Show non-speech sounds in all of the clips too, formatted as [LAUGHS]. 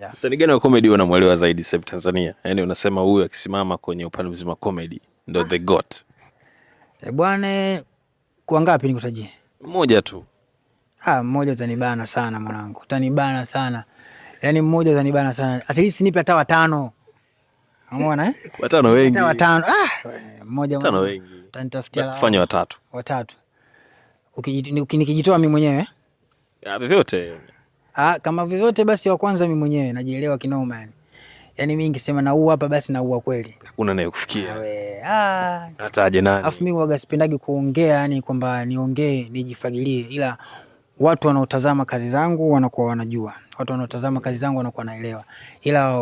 Yeah. Msanii gani wa comedy unamwelewa zaidi sasa Tanzania? Yaani unasema huyu akisimama kwenye upande mzima wa comedy ndo ah, the goat. E bwana, kwa ngapi nikutajie? Mmoja tu. Ah, mmoja utanibana sana mwanangu. Utanibana sana. Yaani mmoja utanibana sana. At least nipe hata watano. Unaona eh? Watano wengi. Hata watano. Ah, mmoja watano wengi. Utanitafutia. Basi fanya watatu. Watatu. Nikijitoa mimi mwenyewe. Ya, eh? ah, vyovyote. Ah, kama vyovyote basi wa kwanza mimi mwenyewe najielewa kinoma yani. Yaani mimi ningesema naua hapa basi naua kweli. Hakuna naye kufikia. Awe, Ah. Nataje nani. Alafu mimi huaga sipendagi kuongea yani kwamba niongee nijifagilie ila watu wanaotazama kazi zangu wanakuwa wanajua. Watu wanaotazama kazi zangu wanakuwa naelewa. Ila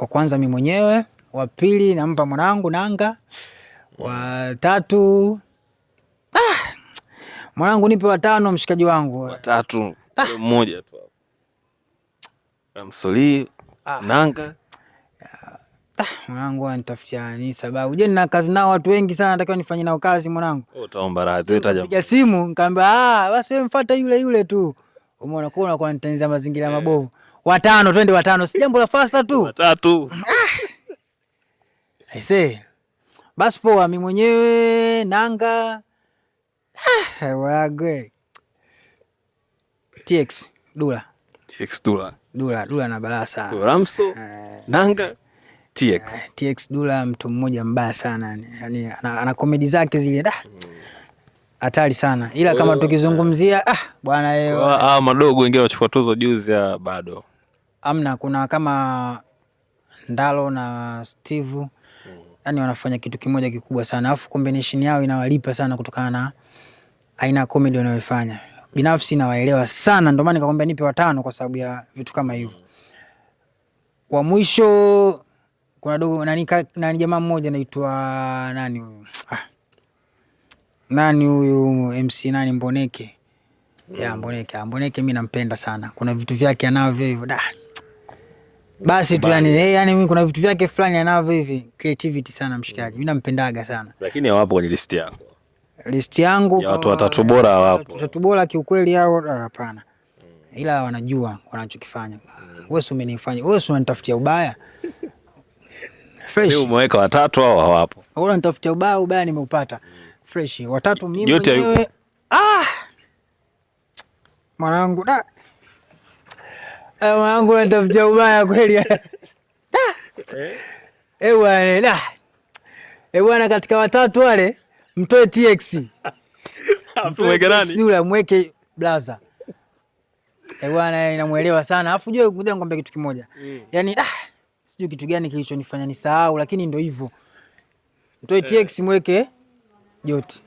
wa kwanza mimi mwenyewe, wa pili nampa mwanangu Nanga, wa tatu ah, mwanangu nipe watano mshikaji wangu. Watatu ah. mmoja tu. Ramsoli ah, nanga ah, mwanangu anitafutia ni sababu. Je, nina kazi nao watu wengi sana, natakiwa nifanye nao kazi mwanangu. Utaomba radhi, utaja simu nikamwambia, ah basi wewe mfuata yule yule tu. Umeona kwa unakuwa nitengeneza mazingira yeah, mabovu. Watano twende watano, si jambo la fasta tu. Watatu. Aise. Ah. Basi poa, mimi mwenyewe nanga. Ah, wagwe. TX Dula. TX Dula. Dula, Dula na balaa sana. Ramso, eh. Nanga, TX. Eh, TX Dula mtu mmoja mbaya sana yani, ana, ana komedi zake zile da hatari sana ila kama tukizungumzia eh. ah, bwana yeye ah, madogo wengine wachukua tuzo juzi ya ah, bado amna, kuna kama Ndalo na Steve mm. Yani wanafanya kitu kimoja kikubwa sana, alafu combination yao inawalipa sana kutokana na aina ya comedy wanayoifanya binafsi nawaelewa sana, ndio maana nikakwambia nipe watano kwa sababu ya vitu kama hivyo. Wa mwisho kuna dogo nani nani jamaa mmoja anaitwa nani huyu ah, nani huyu MC nani Mboneke ya Mboneke, ah, Mboneke mimi nampenda sana, kuna vitu vyake anavyo hivyo da basi tu yani, hey, eh, yani mimi kuna vitu vyake fulani anavyo hivi creativity sana mshikaji, mimi nampendaga sana, lakini hawapo kwenye list yako listi yangu ya watu watatu bora wapo. Watatu bora kiukweli hao hapana. Ila wanajua wanachokifanya. Hmm. Wewe si umenifanya. Wewe si unanitafutia ubaya. Fresh. Wewe umeweka watatu hao hawapo. Wewe unanitafutia ubaya, ubaya nimeupata. Fresh. Watatu mimi mwenyewe. Ah! Mwanangu da. Eh, mwanangu unanitafutia ubaya kweli. [LAUGHS] Eh? eh bwana, eh bwana katika watatu wale mtoe TX ule mweke blaza eh bwana, inamwelewa eh, sana. Alafu jua ngoja nikwambia kitu kimoja mm. Yani ah, sijui kitu gani kilichonifanya nisahau, lakini ndio hivyo, mtoe eh. TX mweke Joti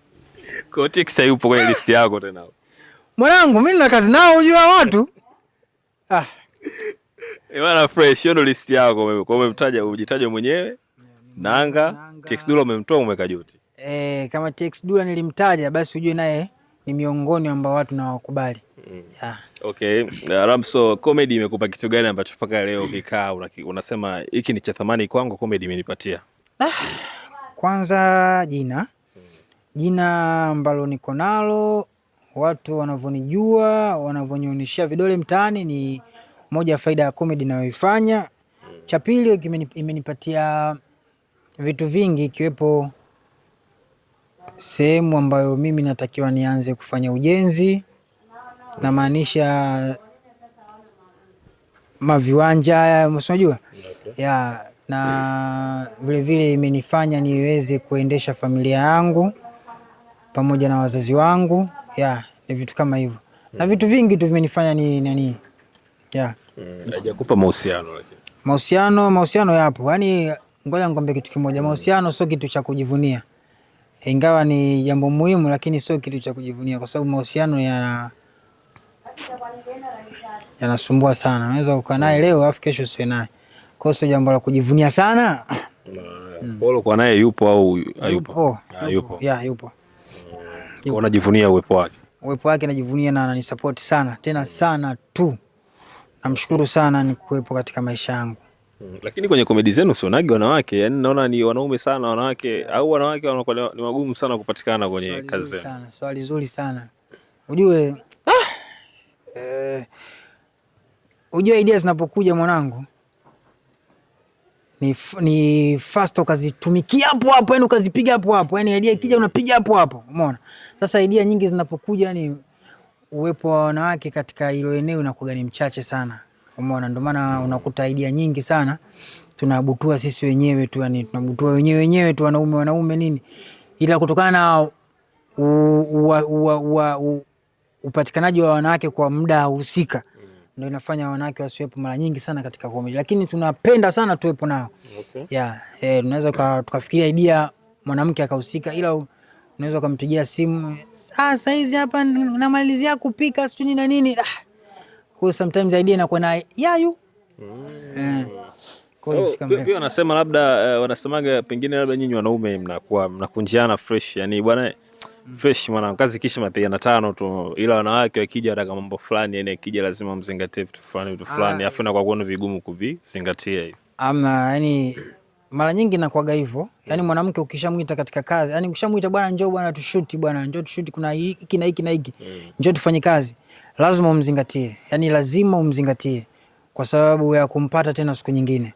[LAUGHS] kwa TX hayupo kwenye list yako tena mwanangu, mimi nina kazi nao, unajua watu ah eh, Bwana fresh, hiyo ndo list yako. Kwa umemtaja, umejitaja mwenyewe Nanga, Nanga. TX Dulla umemtoa umeweka Joti e, kama TX Dulla nilimtaja, basi ujue naye ni miongoni ambao watu nawakubali. mm. yeah. Okay. Uh, Ramso, comedy imekupa kitu gani ambacho mpaka leo ukikaa unasema hiki ni cha thamani kwangu, comedy imenipatia? ah, kwanza jina jina ambalo niko nalo, watu wanavyonijua, wanavyonionyeshia vidole mtaani ni moja ya faida ya comedy inayoifanya Cha pili, imenipatia vitu vingi ikiwepo sehemu ambayo mimi natakiwa nianze kufanya ujenzi, namaanisha maviwanja haya, unajua ya na vilevile imenifanya niweze kuendesha familia yangu pamoja na wazazi wangu ya, ni vitu kama hivyo na vitu vingi tu vimenifanya ni nani ya mm, hajakupa mahusiano mahusiano mahusiano yapo, yani ngoja ngombe kitu kimoja, mahusiano sio kitu cha kujivunia ingawa ni jambo muhimu, lakini sio kitu cha kujivunia, kwa sababu mahusiano yana yanasumbua sana. Unaweza kukaa naye leo afu kesho usiwe naye, kwa hiyo sio jambo la kujivunia sana. Polo kwa naye yupo au hayupo? Yupo, ah, yeah, yupo. Unajivunia uwepo wake? Uwepo wake najivunia na ananisupport sana tena sana tu, namshukuru sana ni kuwepo katika maisha yangu. Mm, lakini kwenye komedi zenu sionagi wanawake, yani naona ni wanaume sana wanawake yeah. Au wanawake wanakuwa ni magumu sana kupatikana kwenye swali kazi zenu. Swali zuri sana. Ujue ah, eh, ujue idea zinapokuja mwanangu ni, ni fast ukazitumikia hapo hapo, yani ukazipiga hapo hapo, yani idea ikija unapiga hapo hapo, umeona. Sasa idea nyingi zinapokuja, ni yaani uwepo wa wanawake katika hilo eneo unakuwa ni mchache sana. Umeona, ndio maana unakuta idea nyingi sana tunabutua sisi wenyewe tu, yani tunabutua wenyewe wenyewe tu, wanaume wanaume nini, ila kutokana na upatikanaji wa wanawake kwa muda husika ndio inafanya wanawake wasiwepo mara nyingi sana katika comedy, lakini tunapenda sana tuwepo nao okay. Yeah, eh, tunaweza tukafikiria idea mwanamke akahusika, ila unaweza ukampigia simu ah, sasa hizi hapa namalizia kupika sijui na nini ah. Kwa sometimes idea inakuwa na yayu mm. eh. Oh, pia wanasema labda eh, wanasemaga pengine labda nyinyi wanaume mnakuwa mnakunjiana fresh, yani bwana mm. fresh kazi kisha tano tu, ila wanawake wakija wataka mambo fulani, yani akija lazima mzingatie vitu fulani vitu ah. fulani, afu kuona vigumu kuvizingatia Amna, yani mara nyingi nakwaga hivyo, yani mwanamke ukishamwita katika kazi, yani ukishamwita bwana, njoo bwana tushuti, bwana njoo tushuti, kuna hiki na hiki na hiki, mm. njoo tufanye kazi lazima umzingatie, yani lazima umzingatie kwa sababu ya kumpata tena siku nyingine.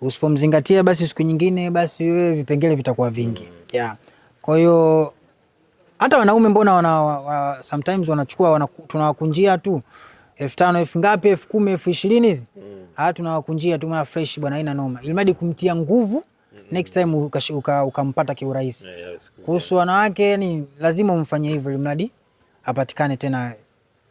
Usipomzingatia basi siku nyingine, basi wewe vipengele vitakuwa vingi mm. yeah. Kwa hiyo hata wanaume mbona wana, wana, sometimes wanachukua wana, tunawakunjia tu elfu tano elfu ngapi elfu kumi elfu ishirini hizi mm. Ah, tunawakunjia tu mara fresh bwana, haina noma, ilimradi kumtia nguvu mm. next time ukampata uka, uka kiurahisi. Kuhusu wanawake, yani lazima umfanye hivyo, ilimradi apatikane tena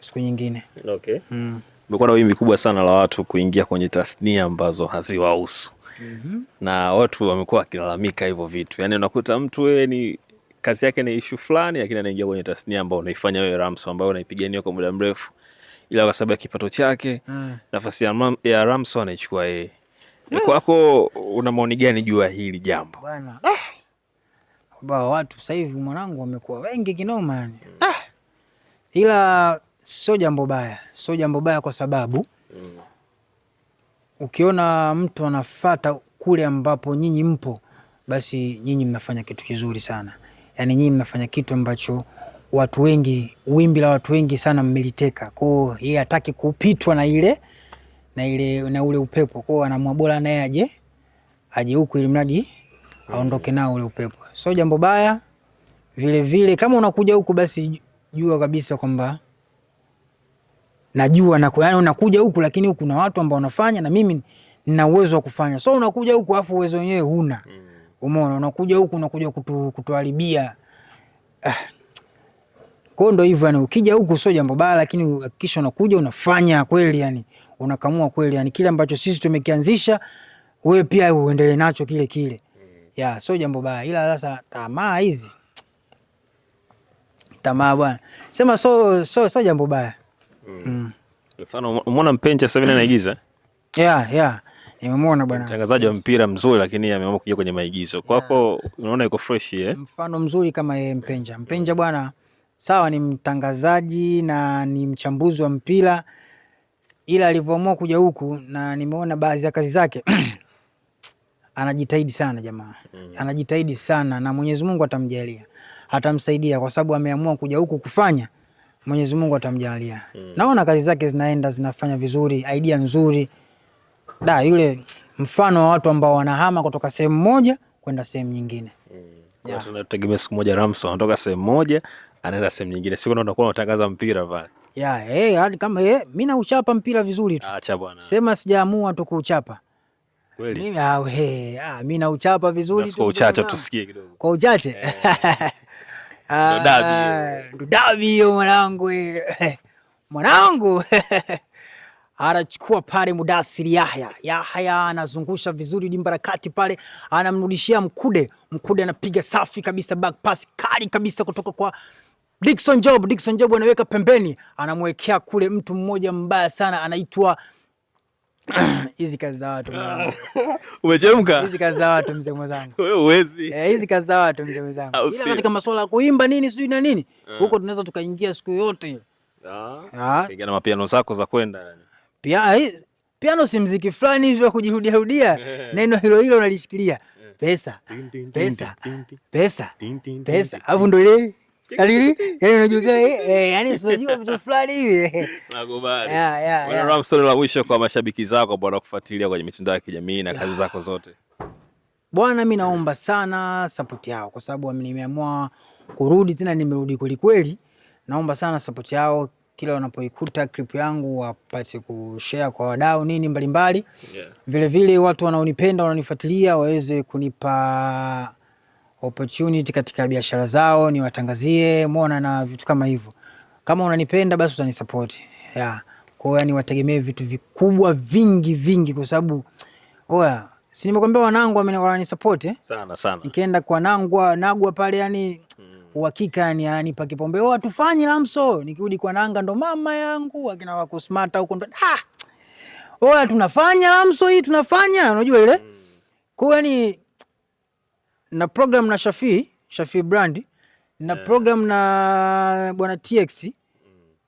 siku nyingine. Okay. Mm. Umekuwa na wimbi kubwa sana la watu kuingia kwenye tasnia ambazo haziwahusu. mm -hmm. Na watu wamekuwa wakilalamika hivyo vitu, yaani unakuta mtu yeye ni kazi yake ni ishu fulani, lakini anaingia kwenye tasnia ambayo unaifanya wewe Ramso, ambayo unaipigania kwa muda mrefu, ila kwa sababu ya kipato chake mm. nafasi ya Ramso anaichukua yeye. mm. Kwako una maoni gani juu ya hili jambo bwana? Ah. Baba, watu sasa hivi mwanangu wamekuwa wengi kinoma yani. mm. ah. ila sio jambo baya, sio jambo baya kwa sababu mm. ukiona mtu anafata kule ambapo nyinyi mpo, basi nyinyi mnafanya kitu kizuri sana, Yani nyinyi mnafanya kitu ambacho watu wengi, wimbi la watu wengi sana mmeliteka. Kwao yeye hataki kupitwa na ile na ile na ule upepo, kwao anaamua bora naye aje aje huku, ili mradi aondoke nao ule upepo. Sio jambo baya vile vile. Kama unakuja huku, basi jua kabisa kwamba najua na yani, unakuja huku lakini huku na watu ambao wanafanya na mimi nina uwezo wa kufanya. So unakuja huku afu uwezo wenyewe huna. Mm. Umeona, unakuja huku unakuja kutu, kutuharibia. Ah. Kwa ndo hivyo yani, ukija huku sio jambo baya, lakini hakikisha unakuja unafanya kweli yani, unakamua kweli yani, kile ambacho sisi tumekianzisha wewe pia uendelee nacho kile kile. Mm. Ya, sio jambo baya, ila sasa tamaa hizi tamaa bwana, sema so so, so jambo baya mm. Mm. Mfano umeona Mpenja sasa hivi anaigiza? Yeah, yeah. Nimemwona bwana. Mtangazaji wa mpira mzuri lakini ameamua kuja kwenye maigizo. Kwako unaona yuko fresh eh? Mfano mzuri kama yeye Mpenja. Mpenja bwana, sawa ni mtangazaji na ni mchambuzi wa mpira ila alivyoamua kuja huku na nimeona baadhi ya kazi zake [CLEARS THROAT] anajitahidi sana jamaa, mm. anajitahidi sana na Mwenyezi Mungu atamjalia, atamsaidia kwa sababu ameamua kuja huku kufanya Mwenyezi Mungu atamjalia. Mm. Naona kazi zake zinaenda zinafanya vizuri, idea nzuri. Da, yule mfano wa watu ambao wanahama kutoka sehemu moja kwenda sehemu nyingine. Mm. Yeah. Tunategemea siku moja Ramson anatoka sehemu moja anaenda sehemu nyingine. Siku unakuwa unatangaza mpira pale. Ya, hey, eh, hadi kama hey, eh, mimi nauchapa mpira vizuri tu. Acha bwana. Sema sijaamua tu kuuchapa. Kweli? Mimi ah, hey, ah, mimi nauchapa vizuri tu. Kwa uchache tusikie kidogo. Kwa uchache. Yeah. [LAUGHS] Ah, ndo dabi hiyo mwanangu, [LAUGHS] mwanangu [LAUGHS] anachukua pale Mudasiri Yahya. Yahya anazungusha vizuri dimbarakati pale, anamrudishia Mkude. Mkude anapiga safi kabisa, back pass kali kabisa kutoka kwa Dickson Job. Dickson Job anaweka pembeni, anamwekea kule mtu mmoja mbaya sana anaitwa [CLEARS THROAT] hizi kazi za watu [LAUGHS] Umechemka? Hizi kazi za watu mzee mwenzangu. Eh, hizi kazi za watu mzee mwenzangu. Ila katika masuala ya kuimba nini sijui na nini eh. huko tunaweza tukaingia siku yote. Ah. Ah. na mapiano zako za kwenda. Pia ah, piano si mziki fulani hivyo kujirudia rudia. Eh. Neno hilo hilo unalishikilia. Pesa. Pesa. Pesa. Pesa. Alafu ndo ile Alili? Yaani, yaani unajua eh, eh, yaani unajua vitu fulani hivi. Nakubali. Yeah, yeah. Bwana Ramson, la mwisho kwa mashabiki zako ambao wanakufuatilia kwenye mitandao ya kijamii na kazi zako zote. Bwana, mimi naomba sana support yao kwa sababu nimeamua kurudi tena, nimerudi kweli kweli. Naomba sana support yao kila wanapoikuta clip yangu wapate kushare kwa wadau nini mbalimbali. Yeah. Vile vile watu wanaonipenda, wananifuatilia waweze kunipa opportunity katika biashara zao, niwatangazie mona na vitu kama hivyo. Kama unanipenda basi utanisupport. Yeah. Kwa hiyo yani wategemee vitu vikubwa vingi vingi kwa sababu oya, si nimekwambia wanangu wamenisupport eh? Sana sana. Nikienda kwa Nangwa, Nagwa pale yani mm. uhakika yani ananipa kipombe. Oh, tufanye Lamso. Nikirudi kwa Nanga ndo mama yangu akina wako smart huko ndo ah. Oya, tunafanya Lamso hii tunafanya, unajua ile. Mm. Kwa hiyo yani na program na Shafi Shafi Brand na yeah. program na bwana TX mm.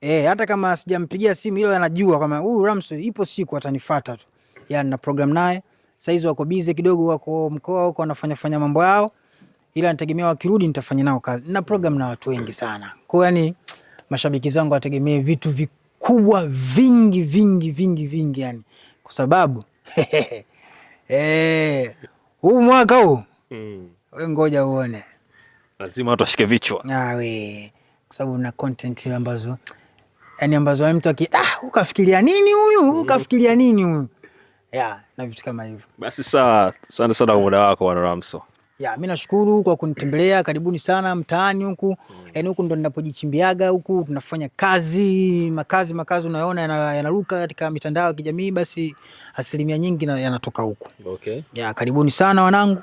eh, hata kama sijampigia simu ile anajua kama huyu Rams ipo siku atanifuata tu. Yaani na program naye saizi wako busy kidogo, wako mkoa huko wanafanya fanya mambo yao, ila nategemea wakirudi nitafanya nao kazi. Na program na watu wengi sana. Kwa yani mashabiki zangu wategemee vitu vikubwa vingi vingi vingi vingi yani kwa sababu [LAUGHS] eh, huu mwaka huu mm ngoja uone, lazima watu washike vichwa nawe, kwa sababu na content ambazo yani ambazo mtu aki ah, ukafikiria nini huyu, mm. ukafikiria nini huyu ya na vitu kama hivyo. Basi sawa, asante sana kwa muda wako Bwana Ramso. Ya, mimi nashukuru kwa kunitembelea, karibuni sana mtaani huku. Mm. Yaani huku ndo ninapojichimbiaga huku, tunafanya kazi, makazi makazi unayoona yanaruka katika mitandao ya kijamii, basi asilimia nyingi yanatoka huku. Okay. Ya, karibuni sana wanangu. Ya.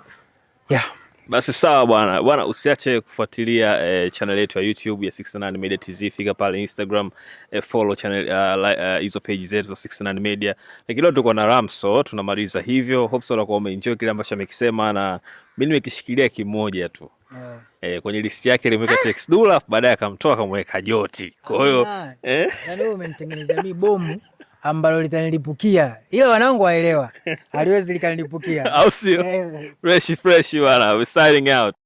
Yeah. Basi sawa bwana bwana, usiache kufuatilia eh, channel yetu ya YouTube ya 69 Media TZ. Fika pale Instagram eh, follow channel ah, ah, hizo uh, page zetu za 69 Media, lakini leo tuko na Ramso, tunamaliza hivyo. Hope so kwa umeenjoy kile ambacho amekisema, na mimi nimekishikilia kimoja tu yeah. Eh, kwenye list yake alimweka Tex Dula, baadaye akamtoa akamweka Joti, kwa hiyo ah, eh? ambalo litanilipukia, ila wanangu waelewa, [LAUGHS] aliwezi likanilipukia, au sio? Eh. Fresh fresh bwana, we signing out.